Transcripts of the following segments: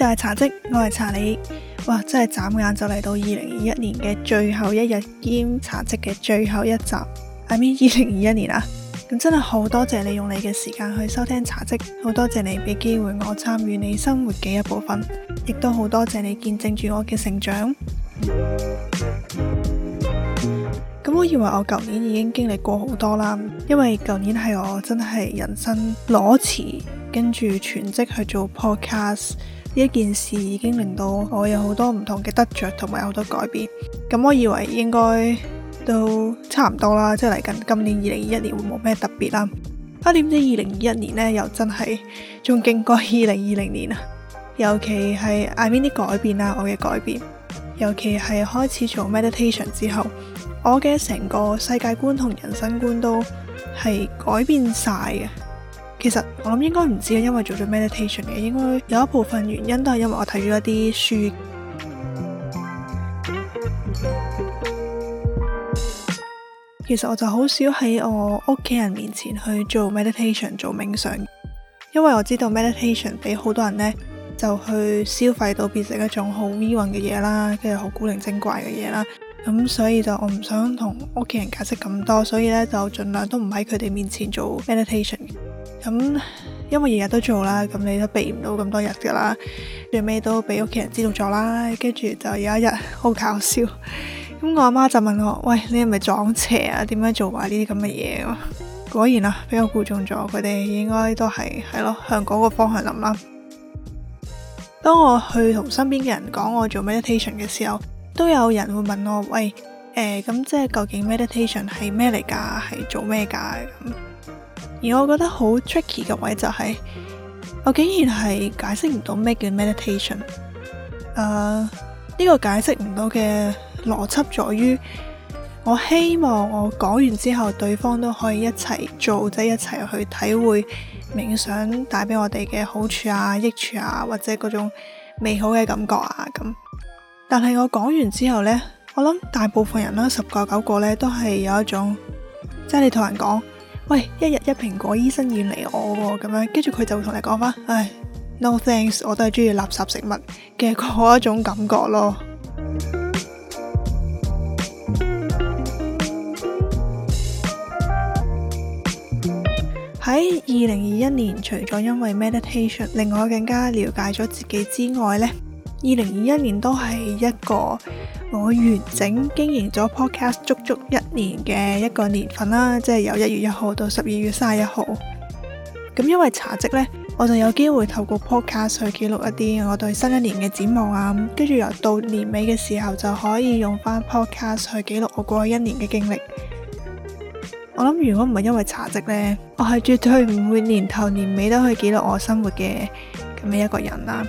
大茶嘖，我係查理，哇！真係眨眼就嚟到二零二一年嘅最後一日兼茶嘖嘅最後一集，係咪二零二一年啊？咁真係好多謝你用你嘅時間去收聽茶嘖，好多謝你俾機會我參與你生活嘅一部分，亦都好多謝你見證住我嘅成長。咁我以為我舊年已經經歷過好多啦，因為舊年係我真係人生裸辭。跟住全職去做 podcast 呢一件事，已經令到我有好多唔同嘅得着，同埋好多改變。咁我以為應該都差唔多啦，即係嚟緊今年二零二一年會冇咩特別啦。啊，點知二零二一年呢，又真係仲勁過二零二零年啊！尤其係 I mean 啲改變啊，我嘅改變，尤其係開始做 meditation 之後，我嘅成個世界觀同人生觀都係改變晒嘅。其實我諗應該唔止係因為做咗 meditation 嘅，應該有一部分原因都係因為我睇咗一啲書。其實我就好少喺我屋企人面前去做 meditation 做冥想，因為我知道 meditation 俾好多人呢，就去消費到變成一種好烏嘅嘢啦，跟住好古靈精怪嘅嘢啦。咁所以就我唔想同屋企人解釋咁多，所以咧就盡量都唔喺佢哋面前做 meditation。咁因為日日都做啦，咁你都避唔到咁多日噶啦，最尾都俾屋企人知道咗啦，跟住就有一日好搞笑，咁我阿媽就問我，喂，你係咪撞邪啊？點樣做埋、啊、呢啲咁嘅嘢？果然啊，俾我估中咗，佢哋應該都係係咯，向嗰個方向諗啦。當我去同身邊嘅人講我做 meditation 嘅時候，都有人會問我，喂，誒、呃，咁即係究竟 meditation 係咩嚟噶？係做咩噶？而我覺得好 tricky 嘅位就係，我竟然係解釋唔到咩叫 meditation。誒呢個解釋唔到嘅邏輯在於，我希望我講完之後，對方都可以一齊做，即係一齊去體會冥想帶俾我哋嘅好處啊、益處啊，或者嗰種美好嘅感覺啊咁。但係我講完之後呢，我諗大部分人啦，十個九個呢，都係有一種，即係你同人講。喂，一日一蘋果，醫生遠離我喎。咁樣，跟住佢就會同你講翻，唉，no thanks，我都係中意垃圾食物嘅嗰一種感覺咯。喺二零二一年，除咗因為 meditation 令我更加了解咗自己之外呢。二零二一年都係一個我完整經營咗 podcast 足足一年嘅一個年份啦，即係由一月一號到十二月三十一號。咁因為茶嘖呢，我就有機會透過 podcast 去記錄一啲我對新一年嘅展望啊，咁跟住由到年尾嘅時候就可以用翻 podcast 去記錄我過去一年嘅經歷。我諗如果唔係因為茶嘖呢，我係絕對唔會年頭年尾都去記錄我生活嘅咁樣一個人啦。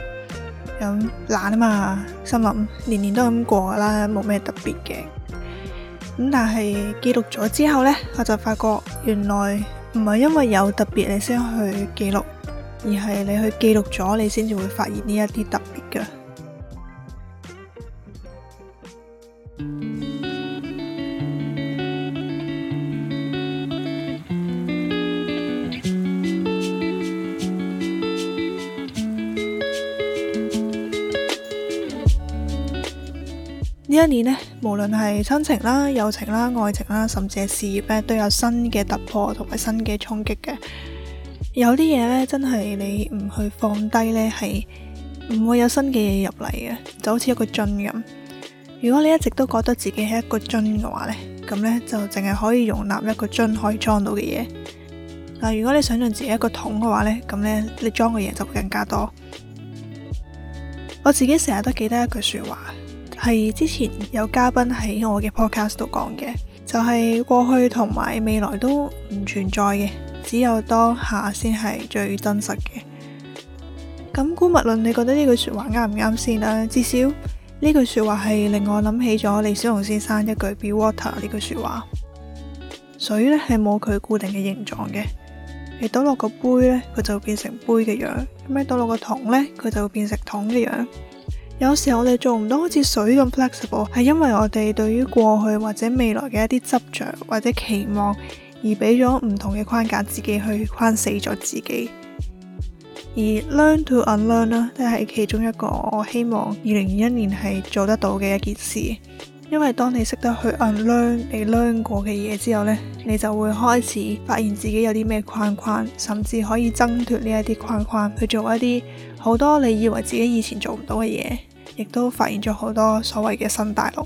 咁懶啊嘛，心諗年年都咁過啦，冇咩特別嘅。咁但係記錄咗之後呢，我就發覺原來唔係因為有特別你先去記錄，而係你去記錄咗，你先至會發現呢一啲特別㗎。呢一年呢，無論係親情啦、友情啦、愛情啦，甚至係事業咧，都有新嘅突破同埋新嘅衝擊嘅。有啲嘢呢，真係你唔去放低呢，係唔會有新嘅嘢入嚟嘅。就好似一個樽咁，如果你一直都覺得自己係一個樽嘅話呢，咁呢，就淨係可以容納一個樽可以裝到嘅嘢。但如果你想象自己一個桶嘅話呢，咁呢，你裝嘅嘢就會更加多。我自己成日都記得一句說話。係之前有嘉賓喺我嘅 podcast 度講嘅，就係過去同埋未來都唔存在嘅，只有當下先係最真實嘅。咁姑勿論，你覺得呢句說話啱唔啱先啦？至少呢句說話係令我諗起咗李小龍先生一句 Be water 呢句說話。水呢係冇佢固定嘅形狀嘅，你倒落個杯呢，佢就變成杯嘅樣，咁樣倒落個桶呢，佢就會變成桶嘅樣。有時候我哋做唔到好似水咁 flexible，係因為我哋對於過去或者未來嘅一啲執着或者期望，而俾咗唔同嘅框架，自己去框死咗自己。而 learn to unlearn 咧，都係其中一個我希望二零二一年係做得到嘅一件事。因為當你識得去 unlearn 你 learn 過嘅嘢之後呢，你就會開始發現自己有啲咩框框，甚至可以掙脫呢一啲框框去做一啲好多你以為自己以前做唔到嘅嘢，亦都發現咗好多所謂嘅新大陸。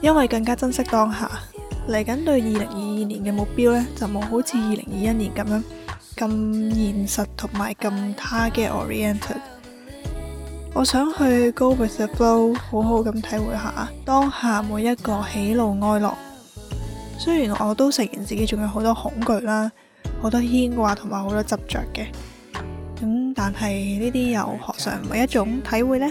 因為更加珍惜當下，嚟緊對二零二二年嘅目標呢，就冇好似二零二一年咁樣咁現實同埋咁 target-oriented。我想去 go with the flow，好好咁體會下當下每一個喜怒哀樂。雖然我都承認自己仲有好多恐懼啦，好多牽掛同埋好多執着嘅，咁、嗯、但係呢啲又何嘗唔係一種體會呢？